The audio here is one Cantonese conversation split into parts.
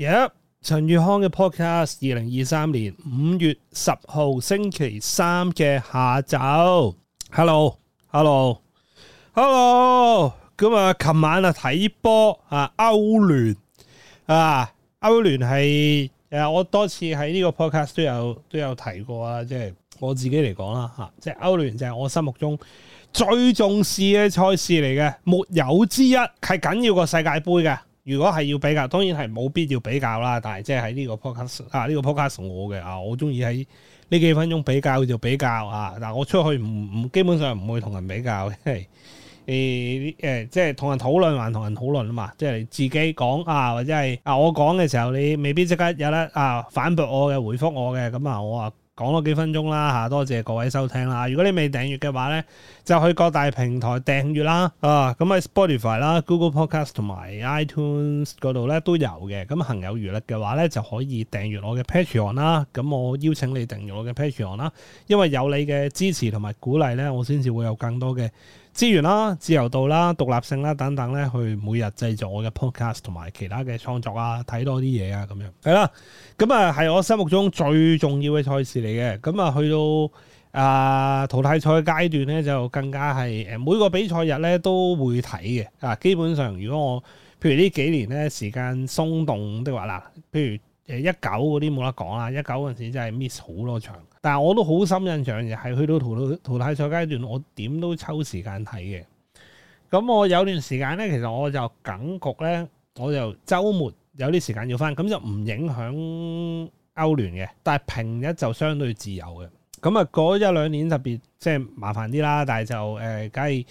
耶！陳宇、yep, 康嘅 podcast，二零二三年五月十號星期三嘅下晝，hello，hello，hello，咁 Hello. 啊，琴晚啊睇波啊，歐聯啊，歐聯係誒，我多次喺呢個 podcast 都有都有提過啊，即、就、係、是、我自己嚟講啦吓，即係歐聯就係、是、我心目中最重視嘅賽事嚟嘅，沒有之一，係緊要過世界盃嘅。如果係要比較，當然係冇必要比較啦。但係即係喺呢個 podcast 啊，呢個 podcast 我嘅啊，我中意喺呢幾分鐘比較就比較啊。但我出去唔唔基本上唔會同人比較，係誒誒，即係同人討論還同人討論啊嘛。即係你自己講啊，或者係啊，我講嘅時候你未必即刻有得啊反駁我嘅回覆我嘅咁啊，我啊。講咗幾分鐘啦嚇，多謝各位收聽啦！如果你未訂閱嘅話呢，就去各大平台訂閱啦啊！咁喺 Spotify 啦、Google Podcast 同埋 iTunes 嗰度呢都有嘅。咁行有餘力嘅話呢，就可以訂閱我嘅 Patreon 啦。咁我邀請你訂閱我嘅 Patreon 啦，因為有你嘅支持同埋鼓勵呢，我先至會有更多嘅。資源啦、自由度啦、獨立性啦等等咧，去每日製作我嘅 podcast 同埋其他嘅創作啊，睇多啲嘢啊，咁樣係啦。咁啊，係我心目中最重要嘅賽事嚟嘅。咁啊，去到啊、呃、淘汰賽嘅階段咧，就更加係每個比賽日咧都會睇嘅啊。基本上，如果我譬如呢幾年咧時間鬆動的話，啦，譬如。誒一九嗰啲冇得講啦，一九嗰陣時真係 miss 好多場，但係我都好深印象，係去到淘汰淘汰賽階段，我點都抽時間睇嘅。咁我有段時間咧，其實我就梗局咧，我就週末有啲時間要翻，咁就唔影響歐聯嘅。但係平日就相對自由嘅。咁啊，嗰一兩年特別即係、就是、麻煩啲啦，但係就誒，梗、呃、係。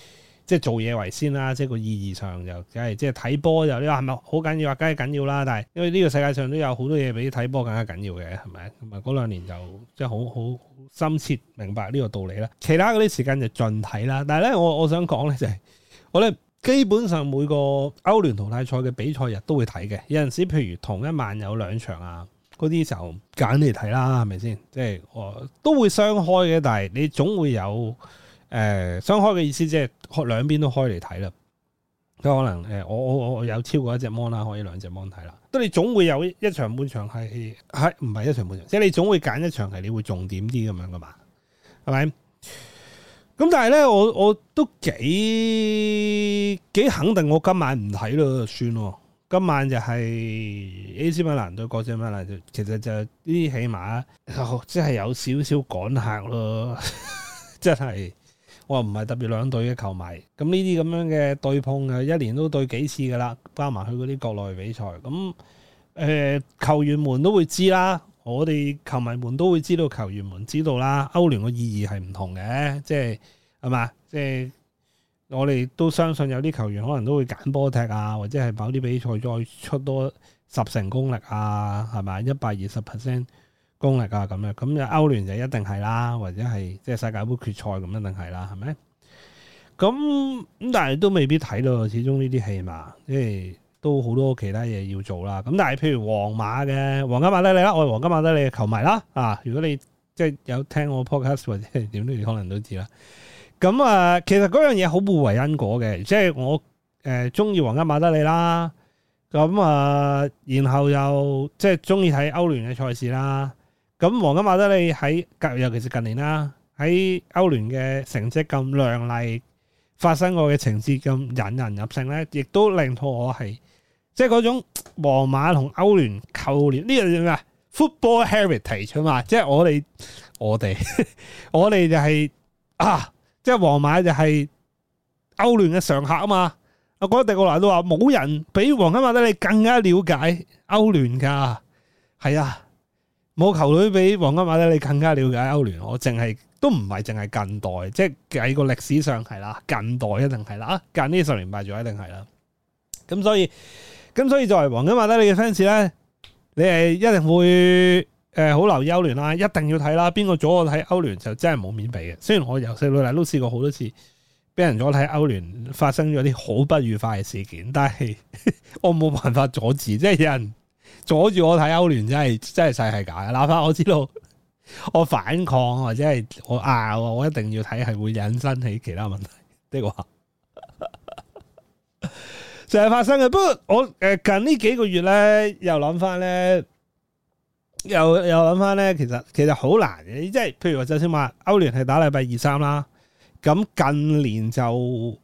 即係做嘢為先啦，即係個意義上就梗係即係睇波又你話係咪好緊要？話梗係緊要啦，但係因為呢個世界上都有好多嘢比睇波更加緊要嘅，係咪？同埋嗰兩年就即係好好深切明白呢個道理啦。其他嗰啲時間就盡睇啦。但係咧，我我想講咧就係我咧，基本上每個歐聯淘汰賽嘅比賽日都會睇嘅。有陣時譬如同一晚有兩場啊，嗰啲就揀嚟睇啦，係咪先？即係我都會雙開嘅，但係你總會有。誒雙開嘅意思即係兩邊都開嚟睇啦，可能誒我我我有超過一隻 mon 啦，可以兩隻 mon 睇啦。都你總會有一場半場，係係唔係一場半場，即係你總會揀一場係你會重點啲咁樣噶嘛，係咪？咁但係咧，我我都幾幾肯定，我今晚唔睇咯，就算咯。今晚就係 AC 米蘭對國際米蘭，其實就呢起碼即係有少少趕客咯，真係。我唔係特別兩隊嘅球迷，咁呢啲咁樣嘅對碰啊，一年都對幾次噶啦，包埋去嗰啲國內比賽。咁誒、呃，球員們都會知啦，我哋球迷們都會知道球員們知道啦。歐聯嘅意義係唔同嘅，即係係咪，即係、就是、我哋都相信有啲球員可能都會揀波踢啊，或者係某啲比賽再出多十成功力啊，係咪？一百二十 percent。功力啊咁樣，咁就歐聯就一定係啦，或者係即係世界盃決賽咁一定係啦，係咪？咁咁但係都未必睇到，始終呢啲戲嘛，即、欸、係都好多其他嘢要做啦。咁但係譬如皇馬嘅，皇家馬德里啦，我係皇家馬德里嘅球迷啦。啊，如果你即係、就是、有聽我 podcast 或者點都，可能都知啦。咁啊，其實嗰樣嘢好互為因果嘅，即、就、係、是、我誒中意皇家馬德里啦，咁啊然後又即係中意睇歐聯嘅賽事啦。咁皇家馬德里喺尤，尤其是近年啦，喺歐聯嘅成績咁亮麗，發生過嘅情節咁引人入勝咧，亦都令到我係即係嗰種皇馬同歐聯扣連呢個叫咩啊？Football Heritage 啊嘛，即係我哋我哋 我哋就係、是、啊，即係皇馬就係歐聯嘅常客啊嘛。我覺得迪奧蘭都話冇人比皇家馬德里更加了解歐聯噶，係啊。冇球隊比皇家馬德里更加了解歐聯，我淨係都唔係淨係近代，即係喺個歷史上係啦，近代一定係啦，隔呢十年八載一定係啦。咁所以，咁所以作為皇家馬德里嘅 fans 咧，你係一定會誒好留意歐聯啦，一定要睇啦。邊個阻我睇歐聯就真係冇面俾嘅。雖然我由細到大都試過好多次，俾人阻睇歐聯發生咗啲好不愉快嘅事件，但係 我冇辦法阻止，即係有人。阻住我睇歐聯真係真係細係假嘅，哪怕我知道我反抗或者係我拗、啊，我一定要睇，係會引申起其他問題的，的個話，就係發生嘅。不過我誒近呢幾個月咧，又諗翻咧，又又諗翻咧，其實其實好難嘅，即係譬如話，首先話歐聯係打禮拜二三啦，咁近年就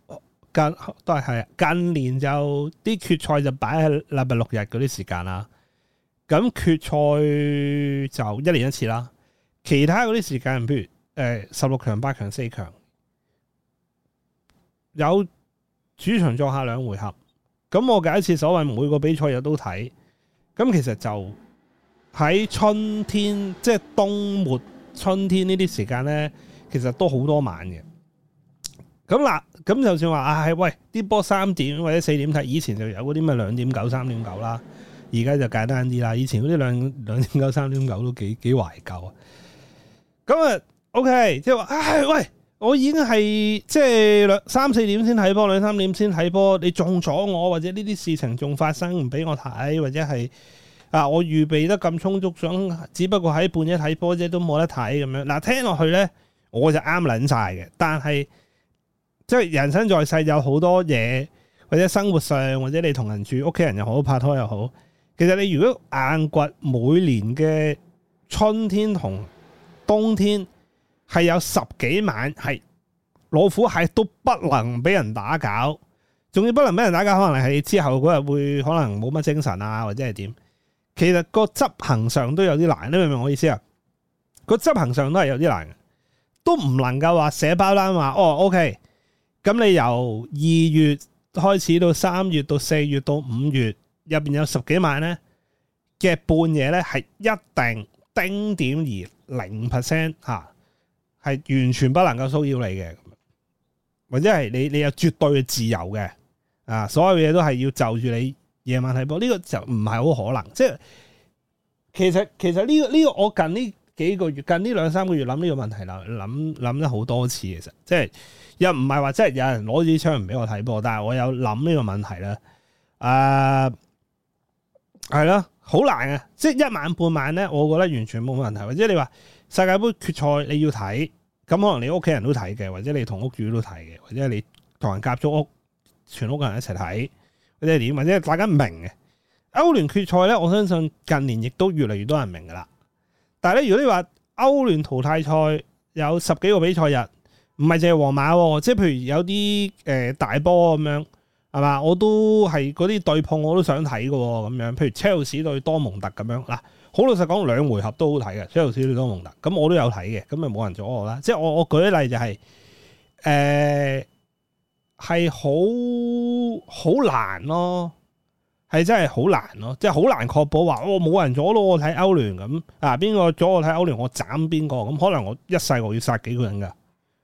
近都係係近年就啲決賽就擺喺禮拜六日嗰啲時間啦。咁決賽就一年一次啦，其他嗰啲時間，譬如誒十六強、八強、四強，有主場作客兩回合。咁我第一次所謂每個比賽日都睇，咁其實就喺春天，即係冬末春天呢啲時間咧，其實都好多晚嘅。咁嗱，咁就算話啊，係、哎、喂啲波三點或者四點睇，以前就有嗰啲咩兩點九、三點九啦。而家就簡單啲啦，以前嗰啲兩兩點九、三點九都幾幾懷舊啊！咁啊，OK，即係話，唉、哎，喂，我已經係即係兩三四點先睇波，兩三點先睇波，你中咗我，或者呢啲事情仲發生，唔俾我睇，或者係啊，我預備得咁充足，想只不過喺半夜睇波啫，也都冇得睇咁樣。嗱、啊，聽落去咧，我就啱捻晒嘅，但係即係人生在世有好多嘢，或者生活上，或者你同人住，屋企人又好，拍拖又好。其實你如果硬掘每年嘅春天同冬天係有十幾晚係老虎蟹都不能俾人打攪仲要不能俾人打攪可能係之後嗰日會可能冇乜精神啊，或者係點？其實個執行上都有啲難，你明唔明我意思啊？個執行上都係有啲難，都唔能夠話寫包單話。哦，OK，咁你由二月開始到三月到四月到五月。入邊有十幾萬咧，嘅半夜咧，係一定丁點而零 percent 吓，係完全不能夠騷擾你嘅，或者係你你有絕對嘅自由嘅啊，所有嘢都係要就住你夜晚睇波呢個就唔係好可能，即係其實其實呢個呢個我近呢幾個月近呢兩三個月諗呢個問題啦諗諗諗咗好多次其實，即係又唔係話即係有人攞住啲槍唔俾我睇波，但係我有諗呢個問題咧，誒。係啦，好難啊！即係一晚半晚咧，我覺得完全冇問題。或者你話世界杯決賽你要睇，咁可能你屋企人都睇嘅，或者你同屋主都睇嘅，或者你同人夾租屋，全屋嘅人一齊睇，或者係點，或者大家唔明嘅。歐聯決賽咧，我相信近年亦都越嚟越多人明噶啦。但係咧，如果你話歐聯淘汰賽有十幾個比賽日，唔係淨係皇馬，即係譬如有啲誒大波咁樣。係嘛？我都係嗰啲對碰，我都想睇嘅咁樣。譬如車路士對多蒙特咁樣，嗱，好老實講，兩回合都好睇嘅。車路士對多蒙特，咁我都有睇嘅，咁咪冇人阻我啦。即係我我舉一例就係、係，誒係好好難咯，係真係好難咯，即係好難確保話我冇人阻咯。我睇歐聯咁啊，邊個阻我睇歐聯，我斬邊個咁。可能我一世我要殺幾個人噶，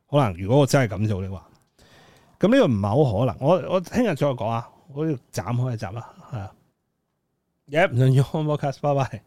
可能如果我真係咁做嘅話。咁呢個唔係好可能，我我聽日再講啊，我要斬開一集啦，係、yeah, 啊、no，耶！唔同咗，好快，拜拜。